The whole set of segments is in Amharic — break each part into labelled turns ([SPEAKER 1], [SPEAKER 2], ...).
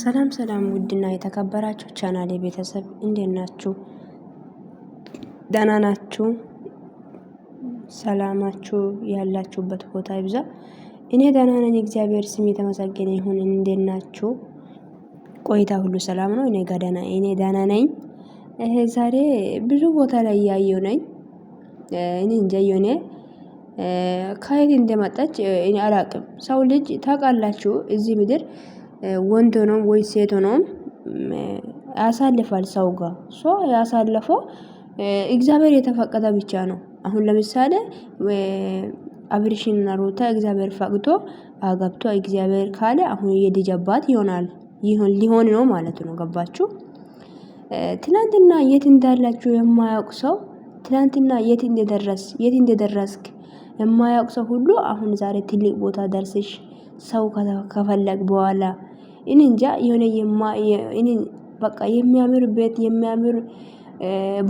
[SPEAKER 1] ሰላም ሰላም ውድና የተከበራችሁ ቻናል ቤተሰብ እንዴት ናችሁ? ደህና ናችሁ? ሰላማችሁ ያላችሁበት ቦታ ይብዛ። እኔ ደህና ነኝ፣ እግዚአብሔር ስም የተመሰገነ ይሁን። እንዴት ናችሁ? ቆይታ ሁሉ ሰላም ነው? እኔ ጋዳና ደህና እኔ ደህና ነኝ። ይሄ ዛሬ ብዙ ቦታ ላይ እያየው ነኝ። እኔ እንጃ የሆነ ከየት እንደመጣች እኔ አላቅም። ሰው ልጅ ታውቃላችሁ፣ እዚህ ምድር ወንድ ነው ወይ ሴት ነው ያሳልፋል ሰው ጋር ሶ ያሳለፈው እግዚአብሔር የተፈቀደ ብቻ ነው። አሁን ለምሳሌ አብርሽና ሩታ እግዚአብሔር ፈቅዶ አጋብቶ እግዚአብሔር ካለ አሁን የልጅ አባት ይሆናል ይሆን ሊሆን ነው ማለት ነው። ገባችሁ? ትናንትና የት እንዳላችሁ የማያውቅ ሰው ትናንትና የት እንደደረስ የት እንደደረስክ የማያውቅ ሰው ሁሉ አሁን ዛሬ ትልቅ ቦታ ደርስሽ ሰው ከፈለግ በኋላ እኔ እንጃ የሆነ የማ በቃ የሚያምር ቤት የሚያምር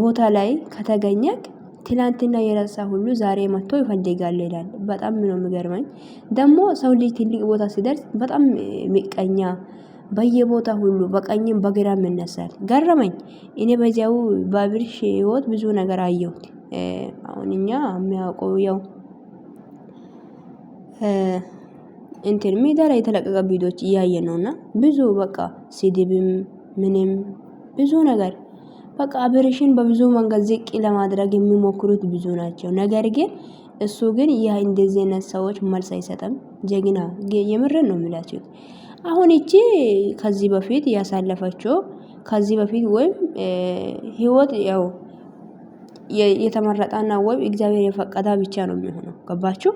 [SPEAKER 1] ቦታ ላይ ከተገኘክ ትላንትና የረሳ ሁሉ ዛሬ መጥቶ ይፈልጋል ይላል። በጣም ነው የሚገርመኝ። ደግሞ ሰው ልጅ ትልቅ ቦታ ሲደርስ በጣም ምቀኛ በየቦታ ሁሉ በቀኝም በግራም ይነሳል። ገረመኝ። እኔ በዚያው በአብርሽ ህይወት ብዙ ነገር አየሁት። አሁን እኛ የሚያውቀው ያው እንትን ሜዳ ላይ የተለቀቀ ቪዲዮዎች እያየ ነውና ብዙ በቃ ስድብም ምንም ብዙ ነገር በቃ አብርሽን በብዙ መንገድ ዝቅ ለማድረግ የሚሞክሩት ብዙ ናቸው። ነገር ግን እሱ ግን ያ እንደዚህ አይነት ሰዎች መልስ አይሰጠም። ጀግና የምርን ነው የሚላቸው። አሁን እቺ ከዚህ በፊት ያሳለፈችው ከዚህ በፊት ወይም ህይወት ያው የተመረጠና ወይም እግዚአብሔር የፈቀዳ ብቻ ነው የሚሆነው። ገባችሁ?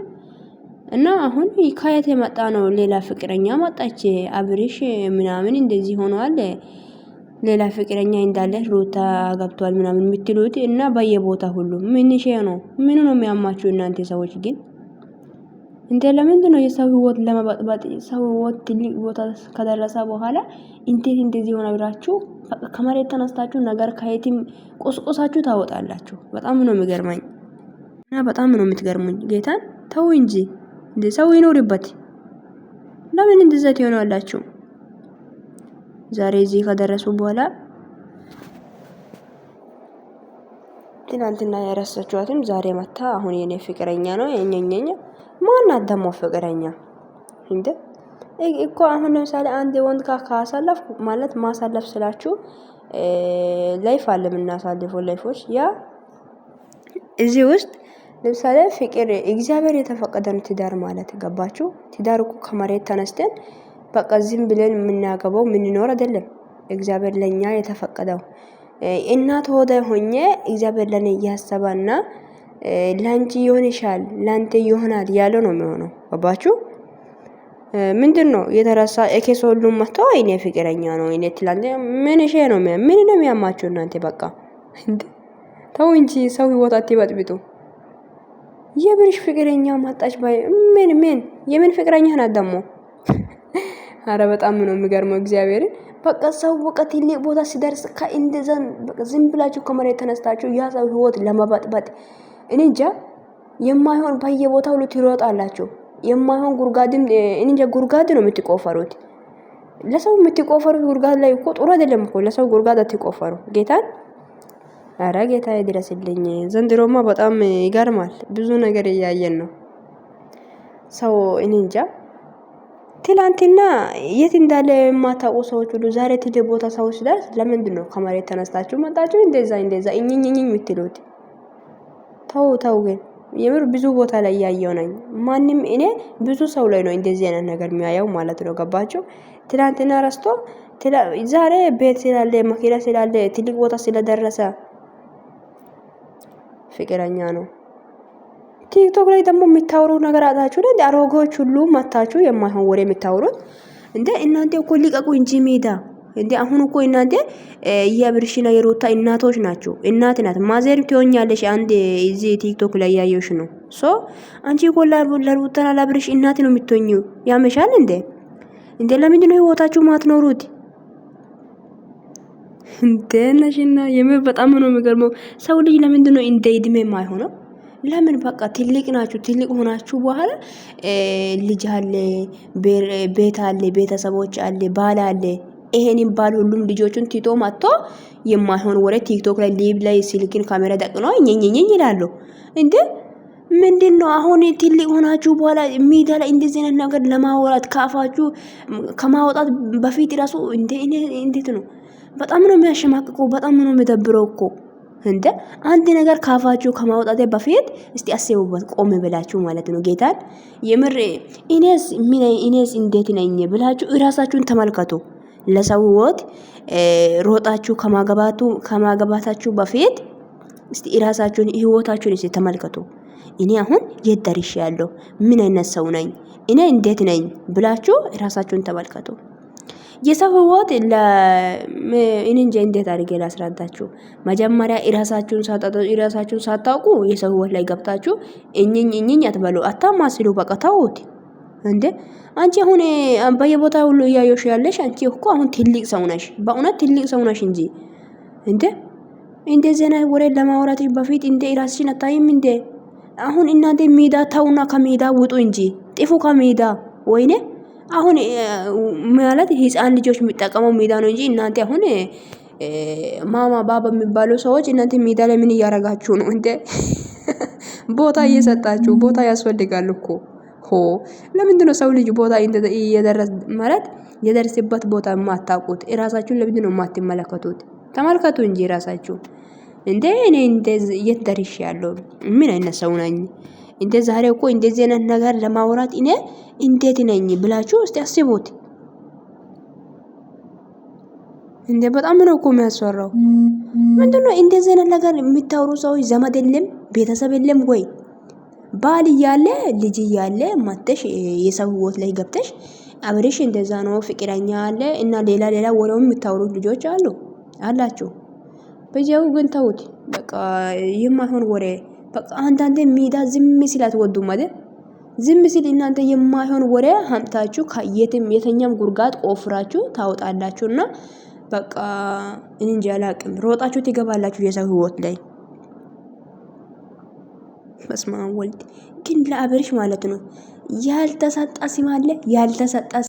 [SPEAKER 1] እና አሁን ከየት የመጣ ነው? ሌላ ፍቅረኛ መጣች አብርሽ ምናምን እንደዚህ ሆኗል። ሌላ ፍቅረኛ እንዳለ ሩታ ገብቷል ምናምን የምትሉት እና በየቦታ ሁሉ ምንሽ ነው? ምኑ ነው የሚያማችሁ እናንተ ሰዎች ግን እንዴ? ለምንድን ነው የሰው ህይወት ለመበጥበጥ ሰው ህይወት ትልቅ ቦታ ከደረሰ በኋላ እንዴት እንደዚህ ሆነ ብላችሁ ከመሬት ተነስታችሁ ነገር ከየትም ቁስቁሳችሁ ታወጣላችሁ። በጣም ነው የሚገርመኝ እና በጣም ነው የምትገርሙኝ። ጌታን ተው እንጂ እንደ ሰው ይኖርበት። ለምን እንደዛት ትሆናላችሁ? ዛሬ እዚህ ከደረሱ በኋላ ትናንትና የረሳችኋትም ዛሬ መታ አሁን የኔ ፍቅረኛ ነው የኛኛኛ ማናት ደግሞ ፍቅረኛ እንደ እኮ አሁን ለምሳሌ አንድ ወንድ ጋር ካሳለፍኩ ማለት ማሳለፍ ስላችሁ ላይፍ አለ የምናሳልፈው ላይፎች ያ እዚህ ውስጥ ለምሳሌ ፍቅር እግዚአብሔር የተፈቀደ ነው ትዳር ማለት ገባችሁ? ትዳር እኮ ከመሬት ተነስተን በቃ ዝም ብለን የምናገባው የምንኖር አይደለም። እግዚአብሔር ለእኛ የተፈቀደው እናት ሆደ ሆኜ እግዚአብሔር ለእኔ እያሰበና ለአንቺ ይሆንሻል ለአንተ ይሆናል ያለ ነው የሚሆነው። ገባችሁ? ምንድን ነው የተረሳ ኤኬስ ሁሉም መጥቶ እኔ ፍቅረኛ ነው እኔ ትላንት ምን ሼ ነው ምን ነው የሚያማችሁ እናንተ በቃ ተው እንጂ ሰው ህይወት አትበጥብጡ። የብርሽ ፍቅረኛ ማጣች ባይ ምን ምን የምን ፍቅረኛ ናት ደግሞ? አረ በጣም ነው የሚገርመው። እግዚአብሔርን በቃ ሰው በቃ ትልቅ ቦታ ሲደርስ ከእንደዛን በቃ ዝም ብላችሁ ከመሬት ተነስታችሁ ያ ሰው ህይወት ለመበጥበጥ እንጃ የማይሆን በየቦታው ሁሉ ትሮጣላችሁ። የማይሆን ጉርጋድም እንጃ ጉርጋድ ነው የምትቆፈሩት። ለሰው የምትቆፈሩት ጉርጋድ ላይ እኮ ጥሩ አይደለም እኮ ለሰው ጉርጋድ አትቆፈሩ ጌታን ኧረ ጌታዬ ድረስልኝ። ዘንድሮማ በጣም ይገርማል። ብዙ ነገር እያየን ነው። ሰው እኔ እንጃ። ትላንትና የት እንዳለ የማታውቁ ሰዎች ሁሉ ዛሬ ትል ቦታ ሰው ላይ ለምንድን ነው ከመሬት ተነስታችሁ መጣችሁ? እንደዛ እንደዛ እኝኝኝኝ የምትሉት ተው ተው። ግን የምር ብዙ ቦታ ላይ እያየው ነኝ። ማንም እኔ ብዙ ሰው ላይ ነው እንደዚህ አይነት ነገር የሚያየው ማለት ነው። ገባችሁ? ትላንትና ረስቶ ዛሬ ቤት ስላለ መኪና ስላለ ትልቅ ቦታ ስለደረሰ ፍቅረኛ ነው። ቲክቶክ ላይ ደግሞ የሚታወሩ ነገር አጣችሁ እንዴ? አሮጌዎች ሁሉ መታችሁ የማይሆን ወሬ የሚታወሩት እንደ እናንተ እኮ ሊቀቁ እንጂ ሜዳ እንዴ! አሁን እኮ እናንተ የብርሽና የሮታ እናቶች ናችሁ። እናት ናት ማዘር ትሆኛለሽ። አንድ እዚ ቲክቶክ ላይ ያየሽ ነው። ሶ አንቺ እኮ ለሩታና ለብርሽ እናት ነው የምትሆኚው። ያመሻል እንዴ! እንዴ ለምንድን ነው ህይወታችሁ ማትኖሩት? እንደነሽና የምር በጣም ነው የሚገርመው። ሰው ልጅ ለምንድን ነው እንደ እድሜ ማይሆነው? ለምን በቃ ትልቅ ናችሁ። ትልቅ ሆናችሁ በኋላ ልጅ አለ፣ ቤት አለ፣ ቤተሰቦች አለ፣ ባል አለ። ይሄንን ባል ሁሉም ልጆቹን ቲቶ መጥቶ የማይሆን ወሬ ቲክቶክ ላይ ሊብ ላይ ስልክን ካሜራ ደቅኖ ኘኘኘኝ ይላሉ እንዴ! ምንድን ነው አሁን ትልቅ ሆናችሁ በኋላ ሚዲያ ላይ እንደዚህ አይነት ነገር ለማወራት ካፋችሁ ከማወጣት በፊት ራሱ እንዴት ነው በጣም ነው የሚያሸማቅቁ፣ በጣም ነው የሚደብረው እኮ እንደ አንድ ነገር ካፋችሁ ከማውጣት በፊት እስቲ አስቡበት፣ ቆም ብላችሁ ማለት ነው። ጌታን የምር እኔስ ምን እኔስ እንዴት ነኝ ብላችሁ እራሳችሁን ተመልከቱ። ለሰው ወት ሮጣችሁ ከማገባቱ ከማገባታችሁ በፊት እስቲ እራሳችሁን ህይወታችሁን እስቲ ተመልከቱ። እኔ አሁን የት ደርሼ ያለሁ? ምን አይነት ሰው ነኝ? እኔ እንዴት ነኝ ብላችሁ እራሳችሁን ተመልከቱ። የሰው ህይወት እኔ እንጂ እንዴት አድርጌ ላስረዳችሁ። መጀመሪያ የራሳችሁን ሳታጡ ሳታውቁ የሰው ህይወት ላይ ገብታችሁ እኝኝ እኝኝ አትበሉ፣ አታማስሉ። በቃ ተውት እንዴ! አንቺ አሁን በየቦታ ሁሉ እያየሽ ያለሽ አንቺ እኮ አሁን ትልቅ ሰው ነሽ፣ በእውነት ትልቅ ሰው ነሽ እንጂ እንዴ እንደዚህ ዜና ወሬ ለማውራት በፊት እንዴ ራስሽን አታይም እንዴ? አሁን እናንተ ሜዳ ተውና ከሜዳ ውጡ እንጂ ጥፉ ከሜዳ ወይኔ አሁን ማለት ህፃን ልጆች የሚጠቀመው ሜዳ ነው እንጂ እናንተ አሁን ማማ ባባ የሚባሉ ሰዎች እናንተ ሜዳ ላይ ምን እያረጋችሁ ነው እንዴ? ቦታ እየሰጣችሁ ቦታ ያስፈልጋል እኮ ሆ ለምንድን ነው ሰው ልጅ ቦታ እየደረስ ማለት የደረሰበት ቦታ የማታውቁት? ራሳችሁን ለምንድን ነው የማትመለከቱት? ተመልከቱ እንጂ ራሳችሁ እንዴ። እኔ እንደ የት ደርሼ ያለው ምን አይነት ሰው ነኝ? እንደ ዛሬ እኮ እንደዚህ አይነት ነገር ለማውራት እኔ እንዴት ነኝ ብላችሁ እስቲ አስቡት። እንዴ በጣም ነው እኮ የሚያስፈራው። ነው እንደዚህ አይነት ነገር የሚታወሩ ሰዎች ዘመድ የለም ቤተሰብ የለም ወይ? ባል እያለ ልጅ እያለ መተሽ የሰው ህይወት ላይ ገብተሽ አብሬሽ እንደዛ ነው ፍቅረኛ አለ እና ሌላ ሌላ ወሬው የሚታወሩ ልጆች አሉ አላቸው። በዚያው ግን ተውት በቃ ይህም ወሬ በቃ አንዳንዴ ሚዲያ ዝም ሲል አትወዱም አይደል? ዝም ሲል እናንተ የማይሆን ወሬ ሀምታችሁ ከየትም የተኛም ጉርጋት ቆፍራችሁ ታወጣላችሁና በቃ እንጂ አላቅም ሮጣችሁ ትገባላችሁ የሰው ህይወት ላይ። በስመ አብ ወልድ ግን ለአብርሽ ማለት ነው ያልተሰጣ ሲም አለ ያልተሰጣ